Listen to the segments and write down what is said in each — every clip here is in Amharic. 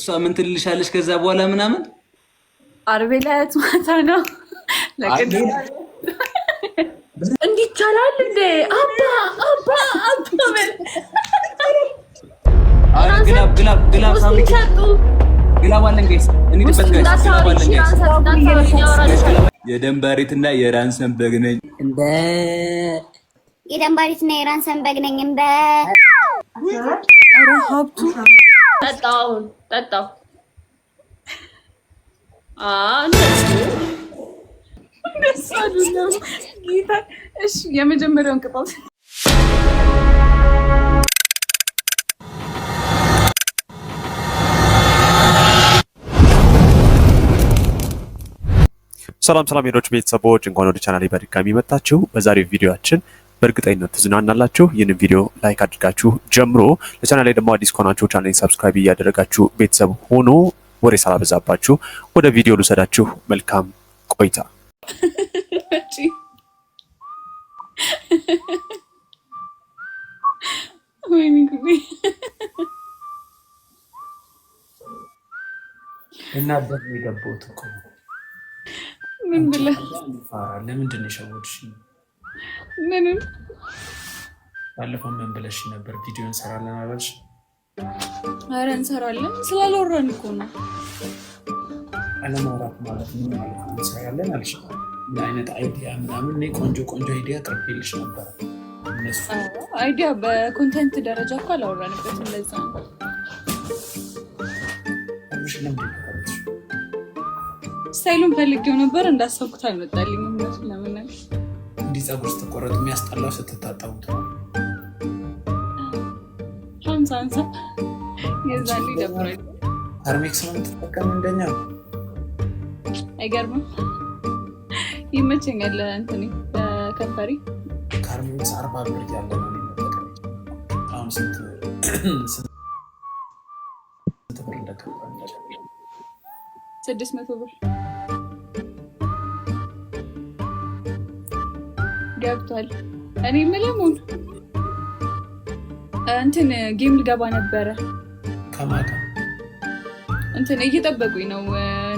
እሷ ምን ትልልሻለች ከዛ በኋላ ምናምን አርቤ ላያት ማታ ነው እንዲቻላል እንደ አባ አባ አባ የደንባሪት እና የራንሰንበግ ነኝ እንደ የደንባሪት እና የራንሰንበግ ነኝ እንበ ጠጣው። አሁን ጠጣው። እሺ፣ የመጀመሪያውን ቅጣት ሰላም ሰላም፣ ሄዶች ቤተሰቦች እንኳን ወደ ቻናሌ በድጋሚ መጣችሁ። በዛሬው ቪዲዮአችን በእርግጠኝነት ትዝናናላችሁ። ይህንን ቪዲዮ ላይክ አድርጋችሁ ጀምሮ ለቻናል ላይ ደግሞ አዲስ ከሆናችሁ ቻናል ሰብስክራይብ እያደረጋችሁ ቤተሰብ ሆኖ ወሬ ሳላበዛባችሁ ወደ ቪዲዮ ልውሰዳችሁ። መልካም ቆይታ። እና እናደር የገባት ምን ብለህ ለምንድን ነው የሸወድሽኝ? ምንም ባለፈው ምን ብለሽ ነበር? ቪዲዮ እንሰራለን አለሽ። አረ እንሰራለን ስላልወራን እኮ ነው። አለማውራት ማለት ምን ማለት ነው? እንሰራለን አለሽ። ምን አይነት አይዲያ ምናምን? እኔ ቆንጆ ቆንጆ አይዲያ አቅርቤልሽ ነበር። አይዲያ በኮንተንት ደረጃ እኮ አላወራንበት። እንደዛ ነው ስታይሉን ፈልጌው ነበር እንዳሰብኩት አልመጣልኝ እንዲህ ፀጉር ስትቆረጥ የሚያስጠላው ስትታጠቡት ነው። አርሜክስ ነው የምትጠቀም እንደኛ አይገርምም። ይመቸኛል እንትኔ ከንፈሪ ከአርሜክስ አርባ ብር ያለ አሁን ስንት ብር ስድስት መቶ ብር ገብቷል። እኔ ምለሙን እንትን ጌም ልገባ ነበረ ከማታ እንትን እየጠበቁኝ ነው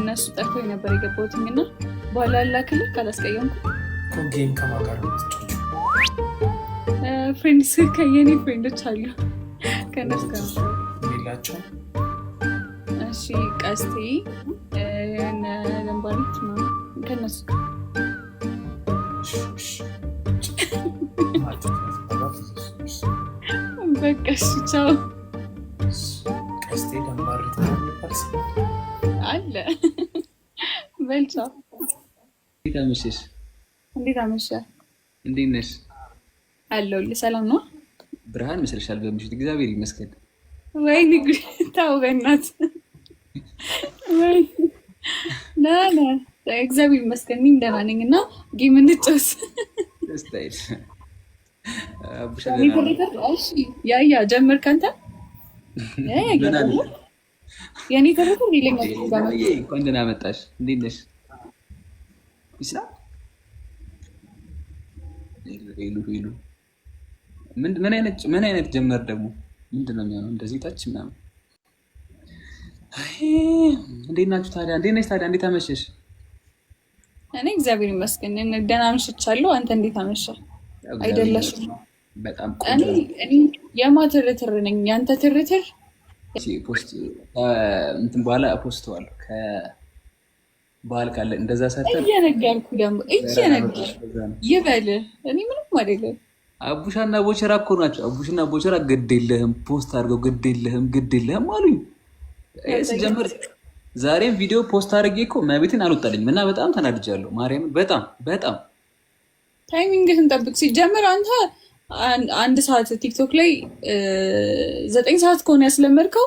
እነሱ ጠርቶ ነበር የገባሁትኝ እና በኋላ ላክልህ ካላስቀየምኩ ጌም ከማጋር ፍሬንድ ስልክ የኔ ፍሬንዶች አሉ ከነሱ ጋር እሺ ቀስቴ ለንባሪት ከነሱ ጋር በቃ እሺ፣ ቻው። ቀስቴ ደንባር አለ እንዴት አመሸሽ? እንዴት አመሸ? እንዴት ነሽ? አለሁልህ። ሰላም ነው? ብርሃን መስለሻል በምሽት። እግዚአብሔር ይመስገን። ወይ ንግ ተው በእናትህ። እግዚአብሔር ይመስገን። እኔም ደህና ነኝ እና ጌም እንጫወት ያ ጀምር ከንተ የኔ ተረቱ ሌለኛ ቆንጆና መጣሽ። እንዴት ነሽ? ምን አይነት ጀመር ደግሞ ምንድን ነው የሚሆነው? እንደዚህ ታች ምናምን። እንዴት ናችሁ ታዲያ? እንዴት ነሽ ታዲያ? እንዴት አመሸሽ? እኔ እግዚአብሔር ይመስገን ደህና አምሽቻለሁ። አንተ እንዴት አመሻ? አይደለሽም በጣም እኔ የማትርትር ነኝ ያንተ ትርትር እንትን በኋላ ፖስተዋል ከባህል ካለ እንደዛ ሰርተ እየነገርኩ ደግሞ እየነገር ይበል እኔ ምንም አይደለም። አቡሻና ቦቸራ እኮ ናቸው። አቡሽና ቦቸራ ግድ የለህም ፖስት አድርገው ግድ የለህም ግድ የለህም አሉኝ። ስጀምር ዛሬም ቪዲዮ ፖስት አድርጌ እኮ መቤትን አልወጣልኝም እና በጣም ተናድጃለሁ። ማርያምን በጣም በጣም ታይሚንግህን ጠብቅ ሲጀምር አንተ አንድ ሰዓት ቲክቶክ ላይ ዘጠኝ ሰዓት ከሆነ ያስለመድከው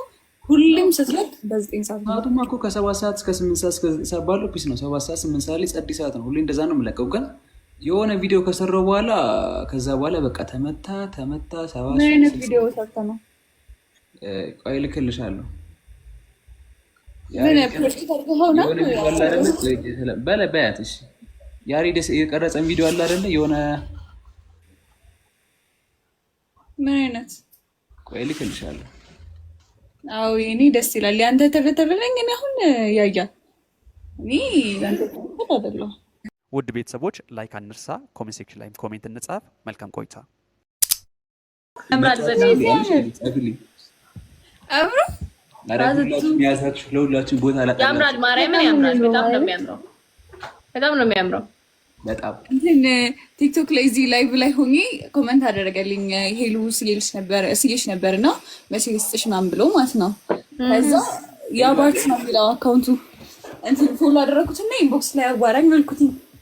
ሁሌም ስትለቅ በዘጠኝ ሰዓት ሰዓቱማ እኮ ከሰባት ሰዓት እስከ ስምንት ሰዓት እስከ ባለው ፒስ ነው። ሰባት ሰዓት ስምንት ሰዓት ላይ ጸዲ ሰዓት ነው። ሁሌ እንደዛ ነው የምለቀው። ግን የሆነ ቪዲዮ ከሰራው በኋላ ከዛ በኋላ በቃ ተመታ ተመታ። ሰባት ምን አይነት ቪዲዮ ሰርተ ነው? ቆይ እልክልሻለሁ። በያት ያሬድ የቀረጸን ቪዲዮ አለ አይደለ የሆነ ምን አይነት ቆይ ልክልሻለሁ። አዎ የኔ ደስ ይላል። ያንተ ተረተረለኝ እኔ አሁን ያያ እኔ ውድ ቤተሰቦች ላይክ አንርሳ፣ ኮሜንት ሴክሽን ላይ ኮሜንት እንጻፍ። መልካም ቆይታ። ለሁላችን ቦታ ያምራል። ማርያምን ያምራል። በጣም ነው የሚያምረው። በጣም ነው የሚያምረው። በጣም እንትን ቲክቶክ ላይ እዚህ ላይቭ ላይ ሆኜ ኮመንት አደረገልኝ። ሄሉ ስዬሽ ነበር እና መቼ ስጥሽ ምናምን ብሎ ማለት ነው። ከዛ የአባርት ነው የሚለው አካውንቱ እንትን ፎሎ አደረግኩት እና ኢንቦክስ ላይ አዋራኝ አልኩት።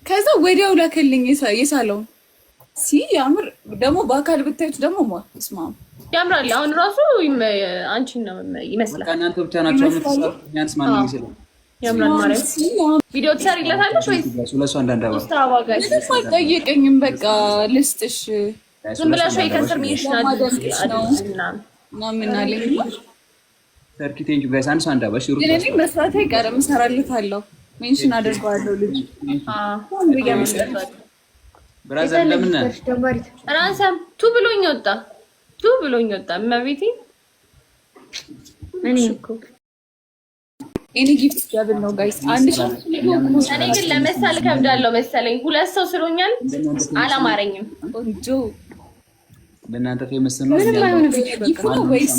ከዛ ወዲያው ላከልኝ የሳለውን ሲ ያምር ደግሞ በአካል ብታዩት ደግሞ ስማ ያምራል። አሁን ራሱ አንቺን ነው ይመስላል። እናንተ ብቻ ናቸው ስ ማንም ይችላል ያምራል ማለት ቪዲዮ ትሰሪለታለሽ ወይ? ስለሱ በቃ ልስጥሽ ዝም ብለሽ ወይ ከስር ሚሽናል ምናምን ቴንኪ ጋይስ አንድ አንድ አባ መስራት አይቀርም እሰራለታለሁ። ሜንሽን አድርገዋለሁ። ልጅ ብራዘር ለምን ራንሰም ቱ ብሎኝ ወጣ ቱ ብሎኝ ወጣ መቤቴ እኔ እኮ እኔ ጊፍት ያብል ነው ጋይስ፣ አንድ ሰው እኔ ግን ለመሳል ከብዳለው መሰለኝ። ሁለት ሰው ስሎኛል፣ አላማረኝም። ቆንጆ ለእናንተ ፌመስ ነው። ምንም አይሆን ጊፍት ነው ወይስ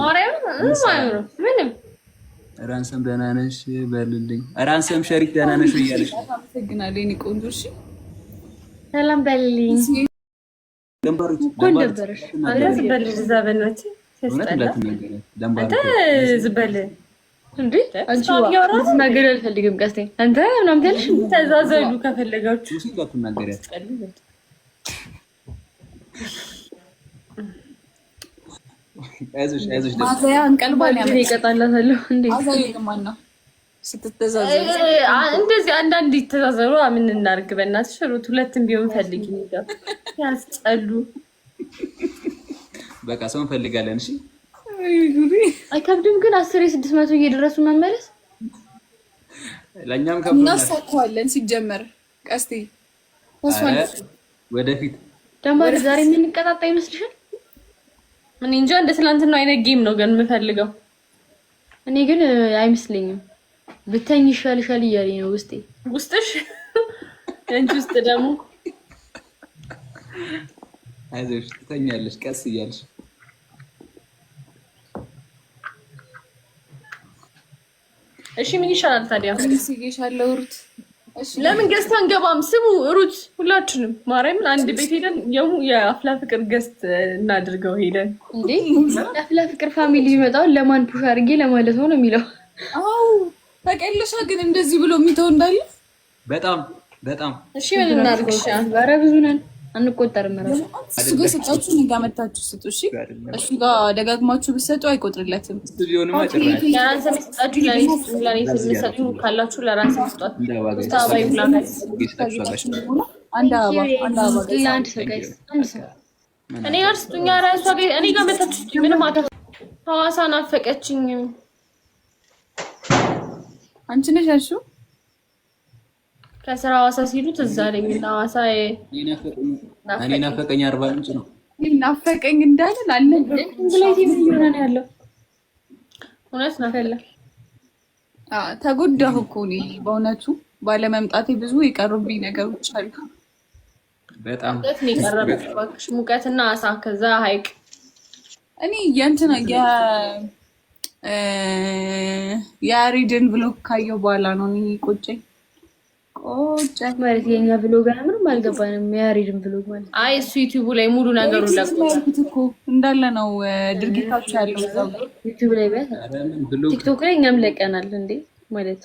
ማርያም? ምንም ምንም። ራንሰም ደህና ነሽ በልልኝ። ራንሰም ሸሪክ ደህና ነሽ እያለሽ አመሰግናለሁ። እኔ ቆንጆ እሺ፣ ሰላም በልልኝ። ደንባሮች ደንባሮች ደንባሮች ደንባሮች ደንባሮች ደንባሮች እንዴትናገር አልፈልግም። ቀስቴ አንተ ምናምን ትያለሽ። ተዛዘሉ ከፈለጋችሁ እንደዚህ አንዳንድ ይተዛዘሩ። ምን እናድርግ? በእናትሽ ሩት፣ ሁለትም ቢሆን ፈልጊ። ያስጠሉ። በቃ ሰው እንፈልጋለን። እሺ አይከብድም ግን አስር የስድስት መቶ እየደረሱ መመለስ ለእኛም ከብዶ እናሳካዋለን። ሲጀመር ቀስቴ ወደፊት ደንባሪ ዛሬ የምንቀጣጣ ይመስልሻል? እኔ እንጃ እንደ ትናንትናው አይነት ጌም ነው ግን የምፈልገው። እኔ ግን አይመስለኝም። ብተኝ ይሻልሻል እያለኝ ነው ውስጤ። ውስጥሽ የአንቺ ውስጥ ደግሞ አይዞሽ ትተኛለሽ ቀስ እያለሽ እሺ ምን ይሻላል ታዲያ? ሩት ለምን ገዝት አንገባም? ስሙ ሩት፣ ሁላችንም ማርያምን አንድ ቤት ሄደን የአፍላ ፍቅር ገዝት እናድርገው። ሄደን እንዴ የአፍላ ፍቅር ፋሚሊ ቢመጣውን ለማን ፑሽ አድርጌ ለማለት ነው የሚለው። አዎ ተቀልሻ ግን እንደዚህ ብሎ የሚተው እንዳለ በጣም በጣም። እሺ ምን እናድርግሻ? ኧረ ብዙ ነን አንቆጠርም። ራሱ እሱ ጋር ስጣችሁ፣ እኔ ጋር መታችሁ ስጡ። እሺ፣ እሱ ጋር ደጋግማችሁ ብትሰጡ አይቆጥርለትም። ካላችሁ ለራሴ ስጧት። እኔ አንቺ ነሽ ያልሺው ከስራ ሐዋሳ ሲሉ እዛ ነኝ እና ሐዋሳ እኔ ናፈቀኝ አርባ ምንጭ ነው ናፈቀኝ እንዳለን አልነበረም። ሆነ ያለው እውነት ናፈላ ተጎዳሁ እኮ እኔ በእውነቱ ባለመምጣቴ ብዙ የቀሩብኝ ነገሮች አሉ። በጣም የቀረበሽ ሙቀትና አሳ ከዛ ሀይቅ እኔ የእንትና የያሬድን ብሎክ ካየሁ በኋላ ነው ቆጨኝ። ማለት የኛ ብሎግ ምንም አልገባንም። ያሬድን ብሎግ ማለት አይ እሱ ላይ ሙሉ ነገሩ ላልኩት እኮ እንዳለ ነው ድርጊታቸው ያለው ዩቲዩብ ላይ ቲክቶክ ላይ እኛም ለቀናል እንዴ ማለት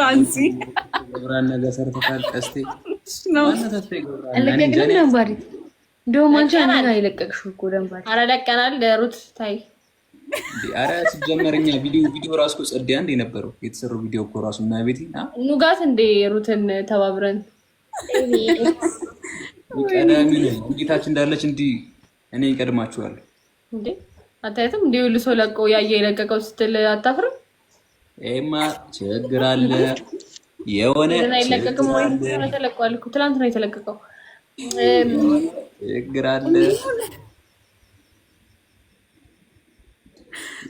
ራንሲ ነገር ሰርተታል። ቀስቴ አለቀቅንም ደንባሪ አንቺ አንድ እኮ ደንባሪ አላለቀናል ሩት ታይ አረ ሲጀመር እኛ ቪዲዮ ቪዲዮ ራሱ ጸድ አንድ የነበረው የተሰራው ቪዲዮ እኮ ራሱ እና ቤት ኑጋት እንደ ሩትን ተባብረን ቀዳሚ ጌታችን እንዳለች እንዲህ እኔ ይቀድማችኋል እንዴ አታየትም? እንዲሁ ልሶ ለቆ ያየ የለቀቀው ስትል አታፍርም? ይማ ችግር አለ የሆነ አይለቀቅም ወይ ትላንት ነው የተለቀቀው። ችግር አለ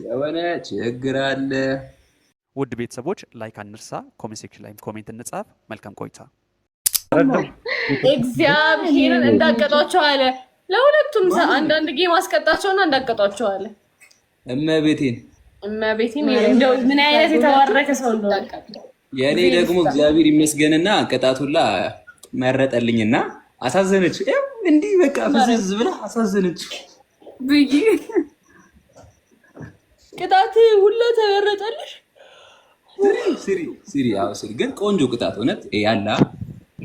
የሆነ ችግር አለ። ውድ ቤተሰቦች ላይክ አንርሳ፣ ኮሜንት ሴክሽን ላይ ኮሜንት እንጻፍ። መልካም ቆይታ። እግዚአብሔርን እንዳቀጧቸው አለ ለሁለቱም አንዳንድ ጌም አስቀጣቸውና እንዳቀጧቸው አለ። እመቤቴን እመቤቴን ምን አይነት የተባረከ ሰው የእኔ ደግሞ እግዚአብሔር ይመስገንና አቀጣቱላ መረጠልኝና አሳዘነች። እንዲህ በቃ ፍዝዝ ብላ አሳዘነች ብይ ቅጣት ሁላ ተመረጠልሽ። ስሪ ስሪ አዎ ስሪ። ግን ቆንጆ ቅጣት እውነት ያላ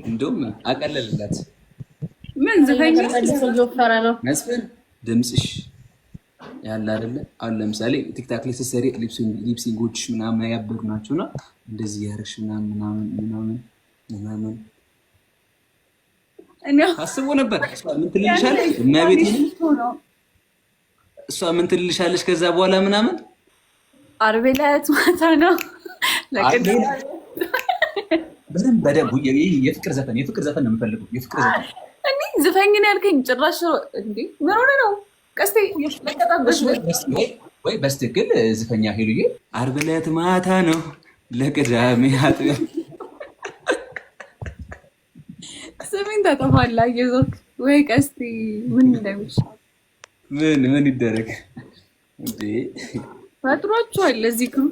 እንደውም አቀለልላት። ምን ዘፈኝ መስፍን ድምፅሽ ያለ አይደለ? አሁን ለምሳሌ ቲክታክ ላይ ስትሰሪ ሊፕሲንጎች ምናምን ያበሩ ናቸው እና እንደዚህ ያረሽ ምናምን ምናምን ምናምን አስቦ ነበር ምን ትልልሻለች እመቤት እሷ ምን ትልሻለች ከዛ በኋላ ምናምን አርቤ ላያት ማታ ነው በደንብ በደንብ የፍቅር ዘፈን የፍቅር ዘፈን ነው የምፈልገው። የፍቅር ዘፈን እኔ ዝፈኝ ያልከኝ። ጭራሽ እንዴ ምን ሆነ ነው ቀስቴ ወይ በስትክል ዝፈኛ ሄሉዬ አርብ ዕለት ማታ ነው ለቅዳሜ አጥቢያ ስሜን ተጠፋላ የዞክ ወይ ቀስቴ ምን እንደሚሻል ምን ምን ይደረግ እንዴ? ፈጥሯቸዋል። ለዚህ ክም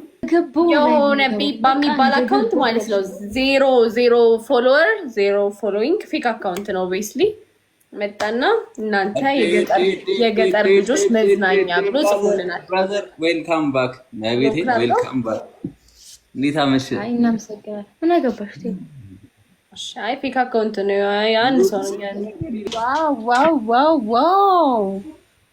የሆነ ቤባ የሚባል አካውንት ማለት ነው። ዜሮ ዜሮ ፎሎወር ዜሮ ፎሎዊንግ ፌክ አካውንት ነው። ቤስሊ መጣና እናንተ የገጠር ልጆች መዝናኛ ብሎ ጽፎልናል። ዌልካም ባክ ቤቴ፣ ዌልካም ባክ። እንዴት አመሽ? እናመሰግናል። ምን አገባሽ? አይ ፌክ አካውንት ነው። አንድ ሰው ነው። ዋው ዋው ዋው ዋው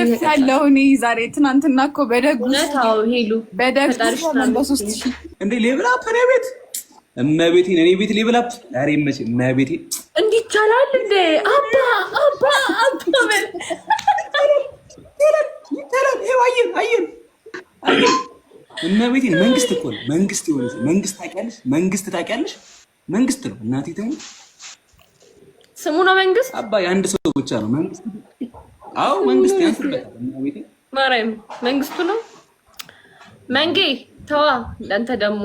አረፍ ያለው እኔ ዛሬ ትናንትና እኮ በደጉ ሄሉ በደጉ በሶስት ሺህ እንዴ ሌብላፕ እኔ ቤት እመቤቴን እኔ ቤት ሌብላፕ ዛሬ መቼ እመቤቴን እንዲህ ይቻላል እንዴ አባ አባ አባ እመቤቴን መንግስት እኮ ነው መንግስት የሆነ መንግስት ታውቂያለሽ መንግስት ታውቂያለሽ መንግስት ነው እናቴ ተው ስሙ ነው መንግስት አባ የአንድ ሰው ብቻ ነው መንግስት አዎ መንግስት ያንስበታል። ማርያም መንግስቱ ነው። መንጌ ተዋ። ለአንተ ደግሞ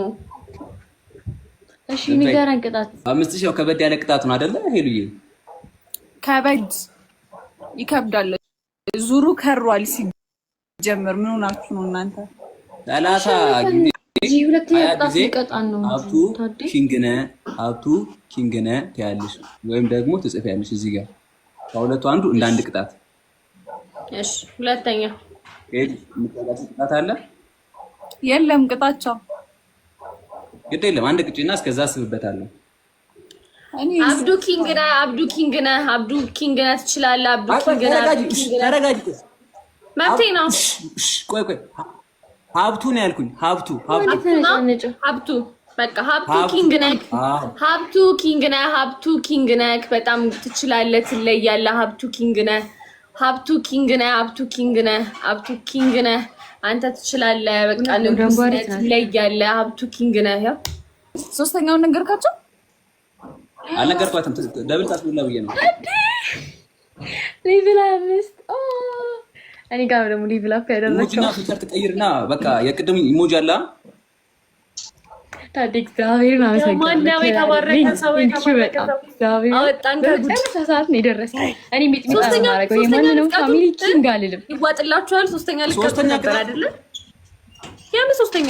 እሺ ንገረን። ቅጣት አምስት ሺህ ያው ከበድ ያለ ቅጣት ነው አይደለ? ሄሉዬ ከበድ ይከብዳል። ዙሩ ከሯል። ሲጀምር ምን ሆናችሁ ነው እናንተ? ሰላሳ ጊዜ ሀብቱ ኪንግነ ሀብቱ ኪንግነ ትያለሽ ወይም ደግሞ ትጽፍ ያለሽ እዚህ ጋር ከሁለቱ አንዱ እንደ አንድ ቅጣት እሺ፣ ሁለተኛ ቅጣት አለ የለም? ቅጣቸው ግድ የለም። አንድ ቅጪና እስከዛ አስብበታለሁ። አብዱ ኪንግ አብዱ ኪንግ ነ አብዱ ኪንግ ነህ፣ ትችላለህ። አብዱ ኪንግ ተረጋጅ። መብቴ ነው። ቆይ ቆይ፣ ሀብቱ ነው ያልኩኝ። ሀብቱ ሀብቱ በቃ ሀብቱ ኪንግ ነክ ሀብቱ ኪንግ ሀብቱ ኪንግ ነክ። በጣም ሀብቱ ኪንግ ነህ ሀብቱ ኪንግ ነህ፣ ሀብቱ ኪንግ ነህ፣ ሀብቱ ኪንግ ነህ። አንተ ትችላለህ። በቃ ንጉስ ነህ፣ ትለያለህ። ሀብቱ ኪንግ ነህ። ያው ሶስተኛውን ነገርካቸው አልነገርኳትም። ደብል ታስብላ ብዬ ነው ሌቭል አምስት እኔ ጋር ደግሞ ሌቭል አፕ ያደረግነው ሙጅና ፍቅር ትቀይርና በቃ የቅድም ኢሞጂ አለ ታዲያ እግዚአብሔርን አመሰግናለሁ። የደረሰ እኔ ማንንም ፋሚሊ ኪንግ አልልም። ይዋጥላችኋል። ሶስተኛ ሶስተኛ?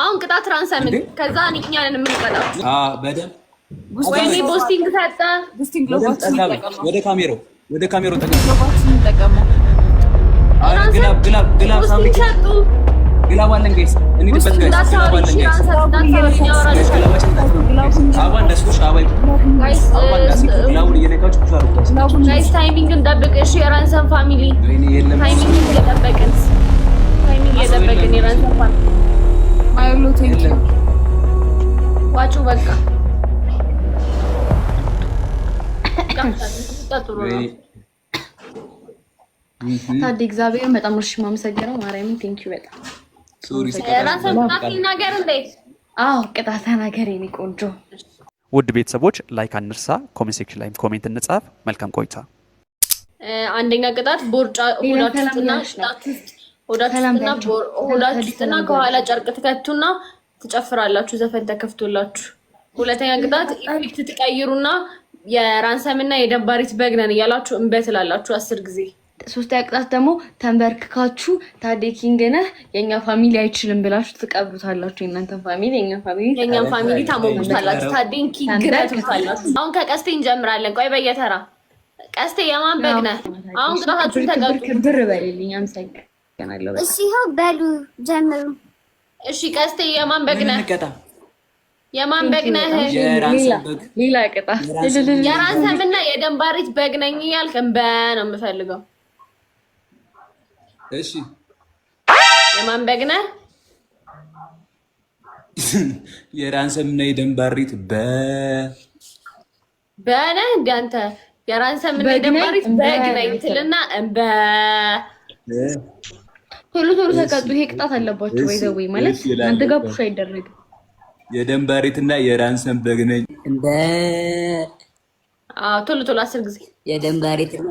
አሁን ቅጣት ራንሰምን ከዛ እኛ ነን የምንቀጣው። ቦስቲንግ ሰጠ። ወደ ካሜራው ወደ ካሜራው ግላብ ግላብ ግላብ ግላብ አለን ጋይስ፣ እንሂድበት ጋይስ። አለን ታይሚንግን ጠብቅ እሺ። የራንሰን ፋሚሊ ዋጩ በቃ ታዲያ እግዚአብሔርን በጣም እርሽ ማመሰግነው ማርያምን ቴንኪው በጣም ቅጣት ተናገር የኔ ቆንጆ። ውድ ቤተሰቦች ላይክ አንርሳ፣ ኮሜንት ሴክሽን ላይ ኮሜንት እንጻፍ። መልካም ቆይታ። አንደኛ ቅጣት ቦርጫ ሆዳችሁና ሆዳችሁና ከኋላ ጨርቅ ትከቱና ትጨፍራላችሁ፣ ዘፈን ተከፍቶላችሁ። ሁለተኛ ቅጣት ኢፌክት ትቀይሩና የራንሰምና የደባሪት በግ ነን እያላችሁ እምበትላላችሁ አስር ጊዜ ሶስተኛ ቅጣት ደግሞ ተንበርክካችሁ ታዴ ኪንግ ነህ የእኛ ፋሚሊ አይችልም ብላችሁ ትቀብሩታላችሁ። የእናንተን ፋሚሊ የእኛ ፋሚሊ የእኛን ፋሚሊ ታሞጉታላችሁ። ታዴን ኪንግ ትሉታላችሁ። አሁን ከቀስቴ እንጀምራለን። ቆይ በየተራ ቀስቴ የማን በግ ነህ? አሁን ቅጣታችሁ ተቀብር በልልኝ። አመሰግናለሁ። እሺ ይኸው በሉ ጀምሩ። እሺ ቀስቴ የማን በግ ነህ? የማን በግ ነህ? ሌላ ቅጣት የራስህምና የደንባሪት በግ ነኝ እያልክ እምበ ነው የምፈልገው እሺ የማን በግ ነህ? የራንሰም እና የደንባሪት በ በነ እንደ የራንሰም እና የደንባሪት በግ ነኝ ትልና በ ቶሎ ቶሎ ተቀጡ። ይሄ ቅጣት አለባቸው። ወይ ዘወይ ማለት አንተ ጋር ፑሽ አይደረግም። የደንባሪት እና የራንሰም በግ ነኝ። ቶሎ ቶሎ አስር ጊዜ የደንባሪት እና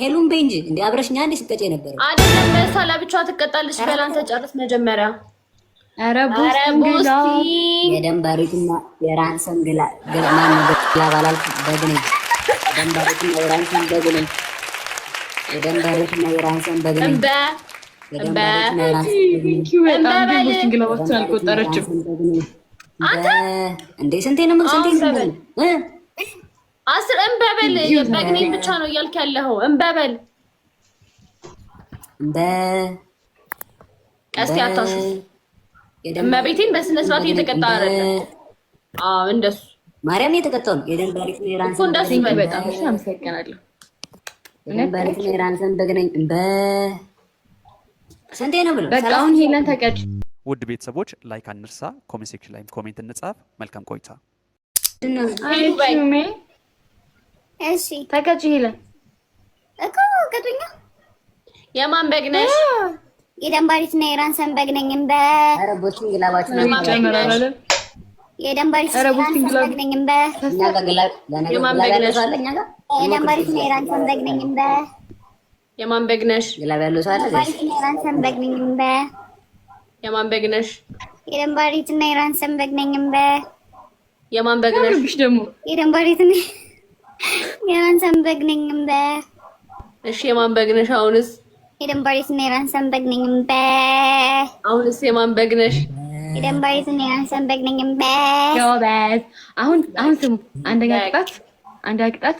ሄሉም በይ እንጂ እንደ አብረሽኛ አንዴ ስትቀጭ የነበረ አይደለም። ሳላ ብቻ ትቀጣለች። በላንተ ጨርስ መጀመሪያ። ኧረ ቡስቲ የደንባሪትና የራንሰን ግላ ገርማን ግላባላል በግኔ የደንባሪትና የራንሰን በግኔ የደንባሪትና የራንሰን በግኔ በ አንተ እንዴ ስንቴ ነው ምን ስንቴ ነው አስር እንበበል በግኔን ብቻ ነው እያልክ ያለኸው። እንበበል እንበ ቀስቲ አታሹ እመቤቴን በስነ ስርዓት እየተቀጣ አይደለም። አዎ እንደሱ ማርያም እየተቀጣው ነው። የደም ባሪክ ነው የራንሰን እንደሱ ነው። በጣም እሺ፣ አመሰግናለሁ። የደም ባሪክ ነው የራንሰን በግነኝ በ ስንቴ ነው ብሎ በቃ ሄለን ተቀጭ። ውድ ቤተሰቦች ላይክ አንርሳ፣ ኮሜንት ሴክሽን ላይ ኮሜንት እንጻፍ። መልካም ቆይታ። እሺ ተቀጭ ይለ እኮ ከዱኛ የማን በግ ነሽ? የደንባሪት እና የራንሰን በግ ነኝ። እንበ አረቦች እንግላባችሁ ነው ማለት የደንባሪት እና የራንሰን በግ ነኝ። እንበ እኛ ጋር ግላብ የማን በግ ነሽ? የደንባሪት እና የራንሰን በግ ነኝ። በ የማን በግ ነሽ? ግላብ ያለው ሰው አለ። የደንባሪት እና የራንሰን በግ ነኝ። በ የማን በግ ነሽ? የደንባሪት እና የራንሰን በግ ነኝ። በ የማን በግ ነሽ ደግሞ የደንባሪት እና የራንሰን በግ ነኝ እምበ እሺ፣ የማን በግ ነሽ? አሁንስ የደንባሪት እና የራንሰን በግ ነኝ እምበ አሁንስ የማን በግ ነሽ? የደንባሪት እና የራንሰን በግ ነኝ እምበ ጎበዝ። አሁን አሁን ስሙ፣ አንደኛ ቅጣት አንደኛ ቅጣት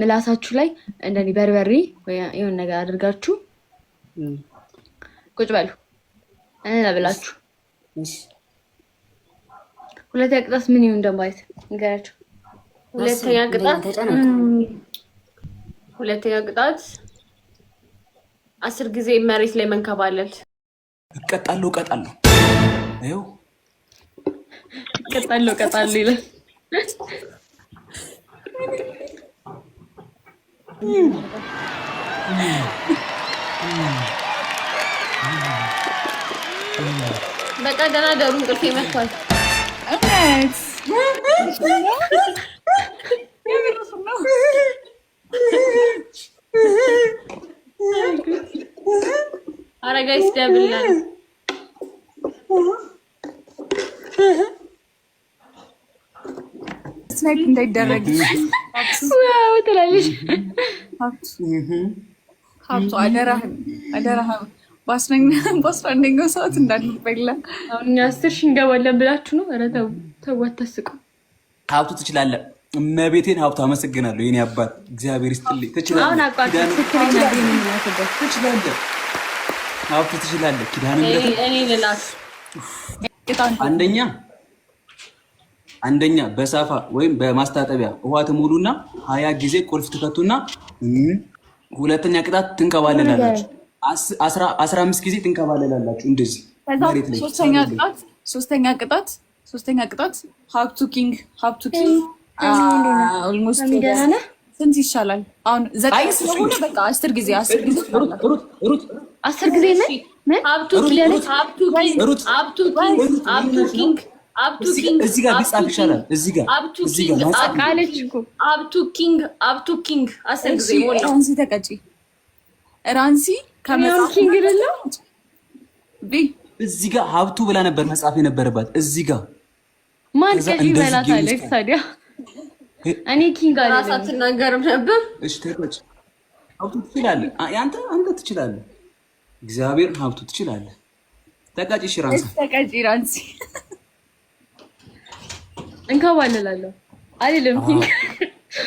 ምላሳችሁ ላይ እንደኔ በርበሬ ወይ የሆነ ነገር አድርጋችሁ ቁጭ በሉ ብላችሁ። ሁለተኛ ቅጣት ምን ይሁን? ደንባሪት ንገራችሁ ሁለተኛ ቅጣት ሁለተኛ ቅጣት አስር ጊዜ መሬት ላይ መንከባለል። እቀጣለሁ እቀጣለሁ ይኸው እቀጣለሁ እቀጣለሁ ይላል። በቃ ደህና ደሩ እንቅልፍ ይመቷል። አረጋይስ ደብላል ስናይፕ እንዳይደረግ ትላለች። ሀብቱ አደራህን አደራህን በአስራ አንደኛው ሰዓት እንዳንበላ። አሁን አስር ሺህ እንገባለን ብላችሁ ነው? ኧረ ተው ተው፣ አታስቁ። ሀብቱ ትችላለህ እመቤቴን ሀብቱ አመሰግናለሁ። የኔ አባት እግዚአብሔር ይስጥልኝ። ትችላለህ ሀብቱ ትችላለህ። ኪዳነ አንደኛ አንደኛ በሳፋ ወይም በማስታጠቢያ ውሃ ትሞሉና ሀያ ጊዜ ቁልፍ ትከቱና ሁለተኛ ቅጣት ትንከባለላላችሁ። አስራ አምስት ጊዜ ትንከባለላላችሁ። እንደዚህ ሶስተኛ ቅጣት ሶስተኛ ቅጣት ሀብቱ ኪንግ ሀብቱ ኪንግ ኦልሞስት ስንት ይሻላል? አሁን ዘጠኝ ስለሆነ በቃ አስር ጊዜ አስር ጊዜ አስር ጊዜ ራንሲ ተቀጪ ራንሲ እዚህ ጋር ሀብቱ ብላ ነበር መጽሐፍ የነበረባት እዚህ ጋር ማን ቀዢ ይበላታል ታዲያ? እኔ ኪንግ አለ ራሳት አትናገርም ነበር። እሺ ተቆጭ ሀብቱ ትችላለህ። አንተ አንተ ትችላለህ። እግዚአብሔር ሀብቱ ትችላለህ። ተቃጭ እሺ፣ ራንሲ ተቃጭ፣ ራንሲ እንካ ባልላለሁ አይደለም ኪንግ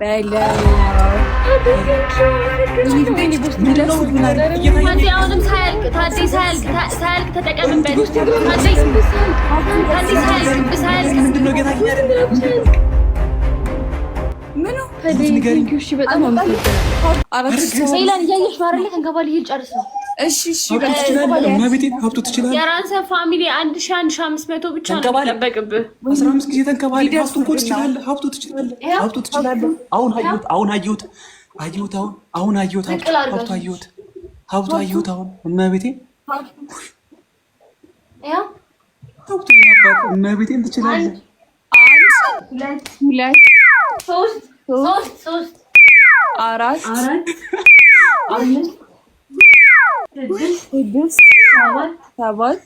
አሁንም ሳያልቅ ታዴ ምን በጣም እሺ እሺ፣ ሀብቶ ትችላለህ። ትችላለህ የራስህ ፋሚሊ አንድ ሺህ አንድ ሺህ አምስት መቶ ብቻ ነው የሚጠበቅብህ። አስራ አምስት ጊዜ ተንከባለል። ሀብቶ እኮ ትችላለህ። ሀብቶ ትችላለህ። ሀብቶ ትችላለህ። አሁን አየሁት። አሁን አየሁት። አየሁት። አሁን አሁን አየሁት። ሀብቶ አየሁት። ሀብቶ አየሁት። አሁን እመቤቴ ሀብቶ ይናባት እመቤቴን ትችላለህ። አንድ ሁለት ሁለት ሶስት ሶስት ሶስት አራት አራት አምስት ስድስት ሰባት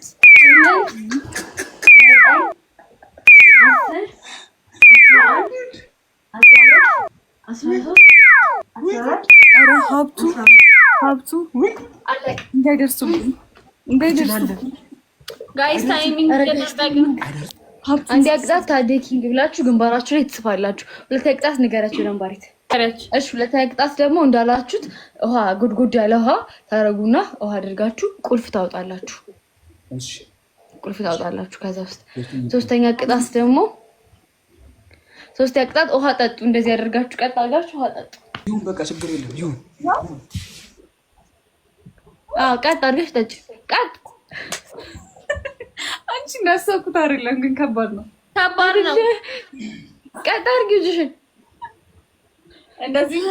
ሀብቱ ሀብቱ እንዳይደርሱብኝ እንዳይደርሱብኝ አንድ አቅጣት ታዴኪንግ ብላችሁ ግንባራችሁ ላይ ትጽፋላችሁ። ሁለት አቅጣት ንገራችሁ ደንባሪት እሺ ሁለተኛ ቅጣት ደግሞ እንዳላችሁት ውሃ ጉድጉድ ያለ ውሃ ታደረጉና ውሃ አድርጋችሁ ቁልፍ ታወጣላችሁ። ቁልፍ ታወጣላችሁ። ከዛ ውስጥ ሶስተኛ ቅጣት ደግሞ ሶስተኛ ቅጣት ውሃ ጠጡ። እንደዚህ አድርጋችሁ ቀጥ አድርጋችሁ ውሃ ጠጡ። ይሁን በቃ ችግር የለም። ይሁን አዎ፣ ቀጥ አድርገሽ ጠጭ። ቀጥ አንቺ እንዳሰብኩት አይደለም፣ ግን ከባድ ነው። ከባድ ነው። ቀጥ አድርጊ ልጅሽን እንደዚህ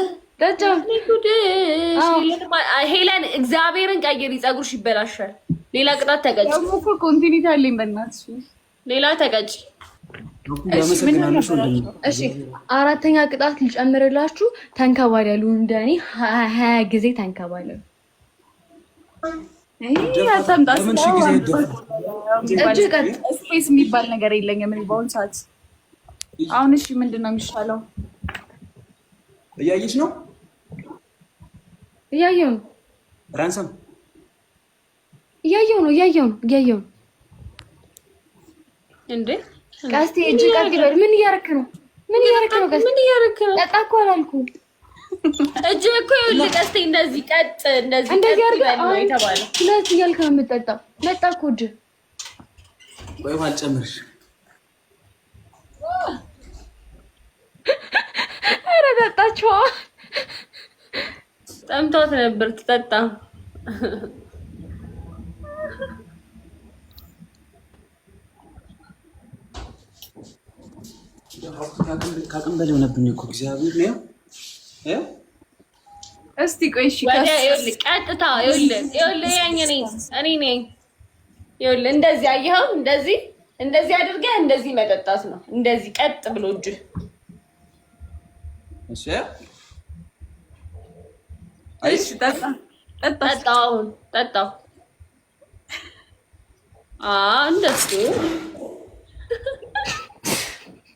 ሄለን እግዚአብሔርን ቀይሪ፣ ፀጉርሽ ይበላሻል። ሌላ ቅጣት ተቀጭ። ኮንቲኒቲ አለኝ። በእናትሽ ሌላ ተቀጭ። እሺ አራተኛ ቅጣት ልጨምርላችሁ። ተንከባለሉ፣ እንደኔ ሀያ ጊዜ ተንከባለሉ። ስፔስ የሚባል ነገር የለኝም እኔ ሰዓት። አሁን እሺ ምንድን ነው የሚሻለው? እያየች ነው። እያየው ነው። ራንሰም እያየው ነው። እያየው ነው። እያየው ነው። እንዴ ቀስቴ እጅ ቀጥ ይበል። ምን እያረክ ነው? ምን እያረክ ነው? ቀስቴ ምን እያረክ ነው? ጠጣ እኮ አላልኩም። እጅ እኮ ይኸውልህ፣ ቀስቴ እንደዚህ ቀጥ እንደዚህ እንደዚህ አድርገህ የተባለው እንደዚህ እያልክ ነው የምትጠጣው። መጣ እኮ እጅ ወይ አልጨምርሽ ጠጣችዋ። ጠምቷት ነበር ትጠጣ። ከአቅም በላይ ሆነብኝ እኮ እግዚአብሔር ነው። እስቲ ቆይ እሺ፣ ቀጥታ ይኸውልህ፣ ያኝ እኔ ነኝ። ይኸውልህ እንደዚህ አየኸው፣ እንደዚህ እንደዚህ አድርገህ እንደዚህ መጠጣት ነው። እንደዚህ ቀጥ ብሎ እጅህ እሺ ጠጣ ጠጣው ጠጣው አ እንደሱ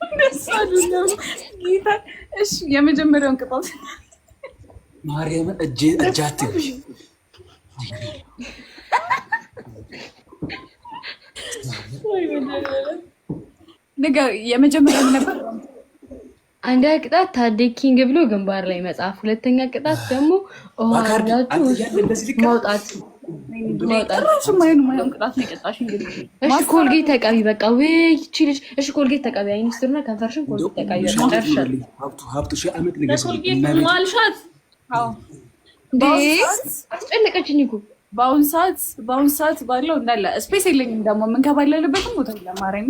እንደሱ አይደለም የመጀመሪያውን ቅጣት ማርያም እጄ እጃት ነገር የመጀመሪያው ነበር። አንደኛ ቅጣት ታዴ ኪንግ ብሎ ግንባር ላይ መጽሐፍ፣ ሁለተኛ ቅጣት ደግሞ ውሃላችሁ ማውጣት እሺ ኮልጌት ተቀቢ፣ በቃ ይቺ ልጅ እሺ ኮልጌት ተቀቢ፣ አይን ስርና ከንፈርሽን ኮልጌት ተቀቢ። አስጨነቀችኝ እኮ በአሁን ሰዓት በአሁን ሰዓት ባለው እንዳለ ስፔስ የለኝም ደግሞ የምንከባለልበትም ቦታ ለማረኛ